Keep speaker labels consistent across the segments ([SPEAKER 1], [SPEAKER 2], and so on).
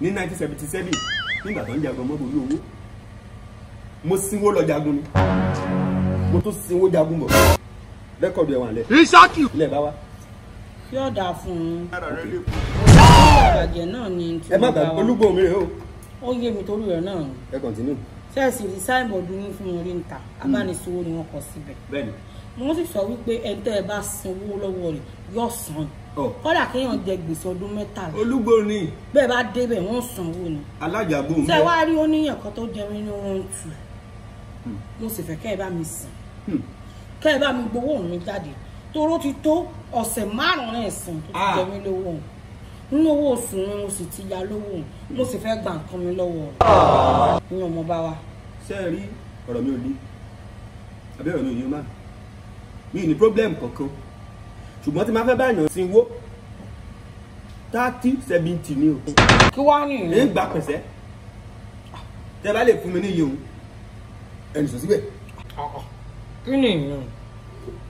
[SPEAKER 1] ní 1977 nígbà tó ń jagun mọ́bòlú owó mo sinwó lọ jagun ni mo tún sinwó jagun bọ̀ rẹ́kọ̀dù ẹ̀wọ̀n lẹ̀. Ìṣákì. ilẹ̀ bá wa.
[SPEAKER 2] yóò dáa fún un. ìbàjẹ́ náà ni tí ó bá wa. ẹ má gbàgbọ́ olúgbò mi rè o. ó yé mi torí rẹ̀ náà. ẹ kọ̀ntínú. sẹ́ẹ̀sì rí sáìmọ̀dù ní fún orí ń ta hmm. abánisowó ni wọ́n kọ síbẹ̀. bẹ́ẹ̀ni. wọ́n sì sọ wípé ẹni tẹ́ ẹ bá sanwó lọ́wọ́ rẹ̀ yóò san kọ́dà kéèyàn jẹ gbèsè ọdún mẹ́tàlá. olúgbò ni. bẹ́ẹ̀ bá débẹ̀ wọ́n
[SPEAKER 1] sanwó ni. alájàgbó ń bẹ. ṣé wàá rí oníyàn
[SPEAKER 2] kan tó jẹ mí ní wọn tù hmm. mo sì fẹ́ kẹ́ ẹ bá mi sìn hmm. kẹ́ ẹ bá mi gbowó mi jáde toró ti tó ọ̀sẹ̀ márùn-ún ẹ̀sìn tó ti ah. jẹ mí lówó òun nínú owó oṣù mi mo sì ti ya lówó òun mo sì fẹ́ gba nǹkan mi lọ́wọ́ rẹ̀
[SPEAKER 1] ah. ní ọmọ bá wa. ṣé ẹ rí ọ̀rọ̀ mi ò ní abẹ́rẹ́ mi ò ní o máa mi ì ní ṣùgbọ́n tí máa fẹ́ báyìí náà sinwó thirty seventy ni o. kí wàá ní ìlú. èyí gba pẹ̀sẹ́ tẹ bá lè fún mi ní iye òun ẹnì sọ síbẹ̀. kí ni ìlú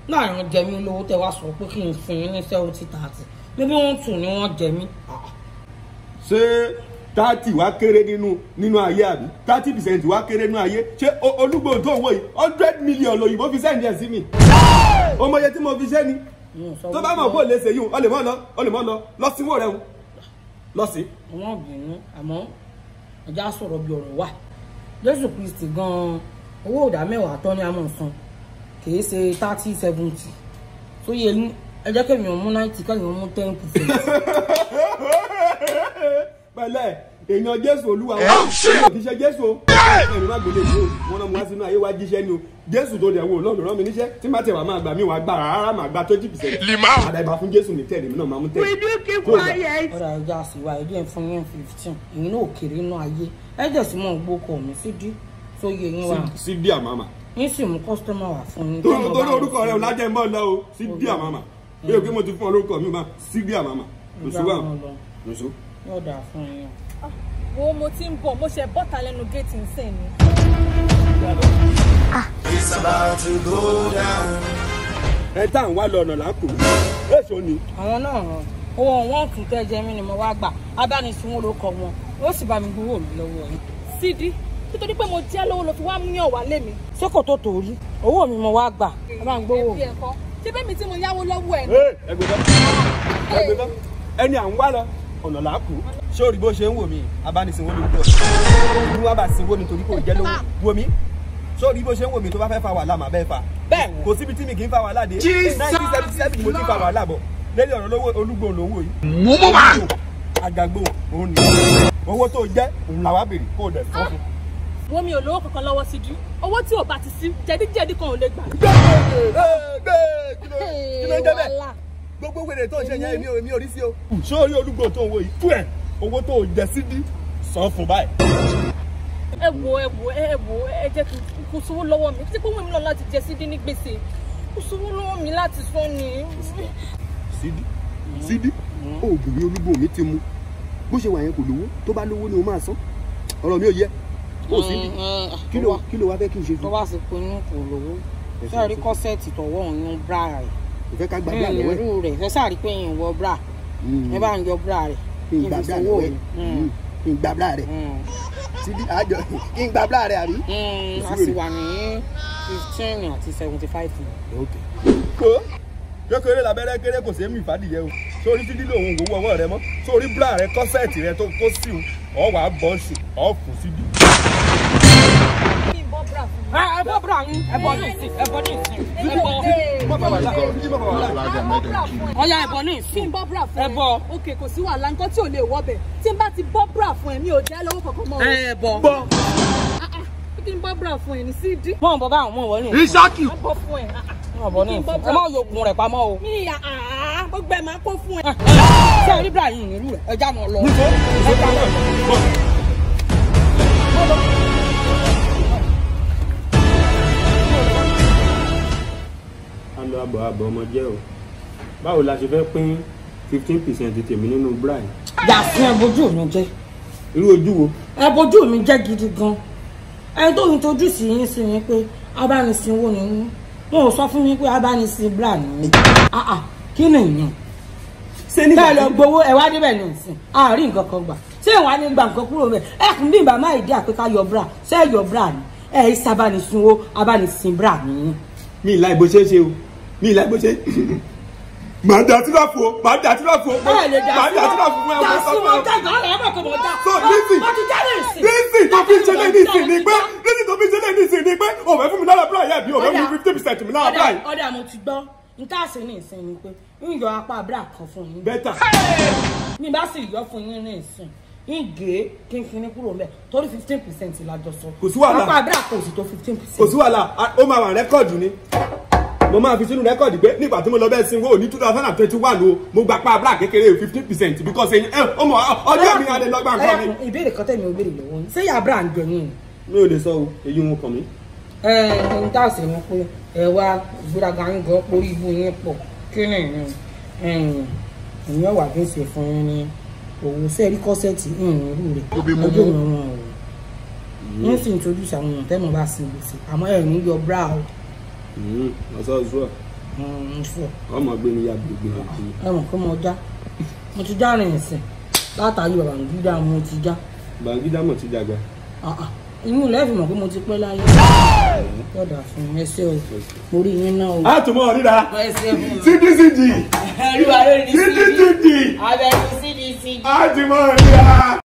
[SPEAKER 2] láàrin jẹ mí lówó tẹ wá sọ pé kí n fún yín ní seventy thirty bíbí wọn tù ni wọn
[SPEAKER 1] jẹ mí. ṣé thirty wá kéré nínú nínú ayé àbí thirty percent wá kéré nínú ayé ṣé olúgbòǹtò òwò yìí hundred million lòyìnbó fi sẹ́ǹdì ẹ̀ sí mi. ọmọ yẹn tí mo fi ṣẹ́ ni tó bá mọ̀ bó lè ṣe yìí o lè mọ̀ lọ o lè mọ̀ lọ lọ sí wọ́n rẹ̀ o lọ sí.
[SPEAKER 2] wọn bínú àmọ́ ẹja sọ̀rọ̀ bí ọ̀rọ̀ wà jésù kristi gan-an owó ìdá mẹ́wàá tán ni a mọ̀ san kìí ṣe thirty seventy tó yẹ ní ẹ
[SPEAKER 1] jẹ́ kẹ́mi ninety kẹ́mi ọ̀mú ten percent. pẹ̀lẹ́ èèyàn jésù olúwa wọn kì í ṣe jésù ẹni má gbélé ìlú wọn náà mú wá sínú ayé wá jíṣẹ́ ni o jésù tó dẹ̀ wò lọ́nà rán mi níṣẹ́ tí má tẹ̀wá máa gbà mí wàá gbà rárá máa gbà twenty percent àdá ìbá fún jésù ní tẹ̀lé mi náà máa mú tẹ̀lé. wíjú kí kú ayé. ọ̀rọ̀ ẹja àṣìwà ẹ̀dí ẹ̀ fún
[SPEAKER 2] yín fifteen ìyín náà kéré inú ayé ẹ̀jẹ̀ sì mọ̀ gbókò mi sídìí tó yẹ yín wa. sídìí àmàmà. yín sì mú kọ́sítọ́mà wà fún yín. torí orúkọ rẹ lájẹ
[SPEAKER 1] mọ́ lọ o sídìí àmàmà bí o kí mo ti fún
[SPEAKER 2] yóò fún yín. Ah, wo mo ti ń bọ̀ mo ṣe bọ́ta lẹ́nu géètì nsìn ni.
[SPEAKER 1] Ah. it's about to go down. ẹ tá à ń wá lọ ọ̀nà láǹkó èso ni.
[SPEAKER 2] àwọn náà ràn owó wọn tún tẹ jẹ mí ni mo wá gbà abánisùnwó ló kọ wọn ó sì bá mi gbowó mi lọ́wọ́ yìí. sídi nítorí pé mo jẹ́ lówó ló fi wá mú yàn wá lé mi.
[SPEAKER 1] tó tò owó mi mo wá gbà
[SPEAKER 2] ẹ ṣé bẹ́ẹ̀ mi tí mo yáwó lọ́wọ́ ẹ̀.
[SPEAKER 1] ẹgbẹ́ bá ẹgbẹ́ bá ẹni à ń wá lọ ọ̀nà làákù ṣé o rí bó ṣe ń wò mí abánisìnwó ni púpọ̀ ìlú wa bá sinwó nítorí kò jẹ́ lówó wo mi ṣé o rí bó ṣe ń wò mí tó bá fẹ́ fa wàhálà màá bẹ́ẹ̀ fa bẹ́ẹ̀ kò síbi tí mi kì í fa wàhálà dé nineteen seventy seven mo ti fa wàhálà bọ̀ lẹ́yìn ọ̀rọ̀ lówó olúgbò lówó yìí. mú mú wa. àgàgbò òun ni owó tó jẹ́ òun làwa béèrè kó o dẹ̀ sọ fún. Ah!
[SPEAKER 2] wo mi ò lówó kankan lọ́wọ́ sí ju owó tí ò bá ti sí jẹ̀díjẹ̀dí kan ò lè gbà. gbẹ́ẹ̀ gbẹ́ẹ̀ kí ló ń jẹ́ bẹ́ẹ̀
[SPEAKER 1] gbogbo wèrè tó ń ṣe yẹn èmi ò èmi ò rí sí o. sórí olúgbò tó ń wo yìí tú ẹ owó tó jẹ sídìí san fún báyìí.
[SPEAKER 2] ẹ wo ẹ wo ẹ wo ẹ jẹ́ kó sówó lọ́wọ́ mi tí kò wù lọ láti jẹ sídìí ní gbèsè kó sówó lọ́wọ́ mi láti san ni.
[SPEAKER 1] sídìí sídìí oògùn rí olúgbò mi ti mu bó ṣe wà yẹn kò lówó tó bá lówó ni o máa san ọ̀rọ̀ mi ò yẹ kò sí ní mm,
[SPEAKER 2] mm, mm.
[SPEAKER 1] kí ló wá fẹ́ kí n ṣe fún. tó bá
[SPEAKER 2] sì pinnu kò lówó sẹ́ẹ̀rí kọ́sẹ́ẹ̀tì tọ̀wọ́ òun ń bra rẹ̀ ìfẹ́ ká gbàgbé àlẹ́ wẹ̀. irú rẹ̀ ẹ sáà rí pé èèyàn wọ bra mm. ẹ bá ń yọ bra rẹ̀ kí n sanwó rẹ̀
[SPEAKER 1] kí n gba rẹ̀ síbi mm. mm. àjọ kí n gba rẹ̀ àbí. a sì wà ní fifteen àti seventy five. kó kékeré labẹ́rẹ́ kéré kò sẹ́mi ìfàdìyẹ o sórí títí lòun òwò ọwọ́ rẹ mọ́ sórí bra rẹ kọ́sẹ̀tì rẹ tó kó sí o ọ wàá bọ́ ṣù ọ kù síbi.
[SPEAKER 2] Ah, ẹ bọ́ bra fún ẹ bọ́ bra fún ẹ bọ́ ní ìsìn ẹ bọ́ ní ìsìn ọ̀ya ẹ̀bọ ní ìsìn. kí n bọ́ bra fún ẹ. ẹ̀bọ. ok kò sí wàhálà nǹkan tí ò lè wọ́ tí n bá ti bọ́ bra fún ẹ mi ò jẹ́ lọ́wọ́ kankan mọ́. ẹ ẹ̀bọ. bọ́ ah, ah. kí n bọ́ bra fún ẹ ní sídìí. mọ̀ n bọ́ bá àwọn ọmọ ìwọ ní. isaki. ẹ bọ́ fún ẹ. Ah, ẹ má yọkùn rẹ̀ pamọ́ o. mi yà á gbogbo máa kó fún ẹ. ṣé orí nílùú rẹ̀ ẹ já mọ́ lọ.
[SPEAKER 1] ń lọ àbọ̀ àbọ̀ ọmọ jẹ́ o báwo la ṣe fẹ́ pín fifteen percent tèmi nínú bra
[SPEAKER 2] yàtí ẹ mi jẹ. irú ojú wo. ẹ mi jẹ gidi gan ẹni tó yin tójú sí yín sí yín pé abánisinwó ni mí wọn sọ fún mi pé abánisin bra ni mí ah, ah, kí ni ìyẹn ṣe lọ gbowó ẹ wá débẹ̀ ní ìsìn àárín nǹkan kan gbà ṣé ìwà ni gbà nǹkan kúrò bẹ ẹ kún bí bàmá ìdí àpéká yọ bra ṣé ẹ yọ bra ni ẹ ṣe abánisunwó
[SPEAKER 1] abánisin bra ni. mi ìlà ìbò ṣeé o mi ìlà gbèsè màá da tí láfo màá da tí láfo màá da tí láfo fún ẹ wọ́n sọ
[SPEAKER 2] fún ẹ. so listen listen tó fi ṣẹlẹ̀ nísìn ni pé
[SPEAKER 1] listen tó fi ṣẹlẹ̀ nísìn ni pé òwe fún mi lára bíláyà bí òwe fún mi fifty percent mi lára bíláyà.
[SPEAKER 2] ọ̀dà mo ti gbọ́ nta se ní ìsìn ni pé ń yọ apá abúlé àkàn fún yín. bẹ́tà. mi bá sì yọ fún yín ní ìsìn ń gé kínkínní kúrò mẹ torí fifteen percent lájọ sọ. kò sí wàhálà apá abúlé
[SPEAKER 1] àkàn ò sì tó fifteen percent. kò sí wàhálà ó máa wà rẹ́kọ̀dù ni mo máa fi sínú rẹ́kọ̀dì pé nígbà tí mo lọ bẹ́ẹ̀ sinwó ní two thousand and twenty one o mo gba pa black. kékeré fifteen percent because ẹyin ẹ ọmọ ọjọ́ mi adé lọ́gbà nǹkan mi.
[SPEAKER 2] ìbéèrè kan tẹ̀mí o béèrè lọ́wọ́ ṣé ìyá abúlà ń gbẹ̀yìn. mi ò lè sọ o èyí wọn kàn mí. ẹ ẹ ohun tá a sì wọn pé ẹ wá ìgbéraga ń gan pé orí ibú yín pọ̀ kí ni ìyẹn wà bí ń ṣe fún yín ní òun sẹ́ẹ̀rí kọ́sẹ̀tì ìrìnrú rẹ̀ ọjọ́ ìrànwọ́ n sì ń tojú sàwọn èèyàn tẹ́mọ̀ bá sin gbèsè àmọ́ ẹ̀rù
[SPEAKER 1] ń yọ bra ọ̀sán ọ̀sán ọmọ gbé mi ya gbogbo ẹ̀kọ́.
[SPEAKER 2] ẹ mọ̀ kó mo já mo ti já rìn ẹ̀sìn látàrí bàbàǹgídá mo ti já.
[SPEAKER 1] bàbàǹgídá mo ti dàgbà.
[SPEAKER 2] Ah, ah. inú ilé ìfìmọ̀ pé mo ti pẹ́ láyé. ọ̀dà fún ẹsẹ̀ o mo rí yín náà o. a tún
[SPEAKER 1] mọ̀ ríra cdcd
[SPEAKER 2] cdcd a ti mọ̀ ríra.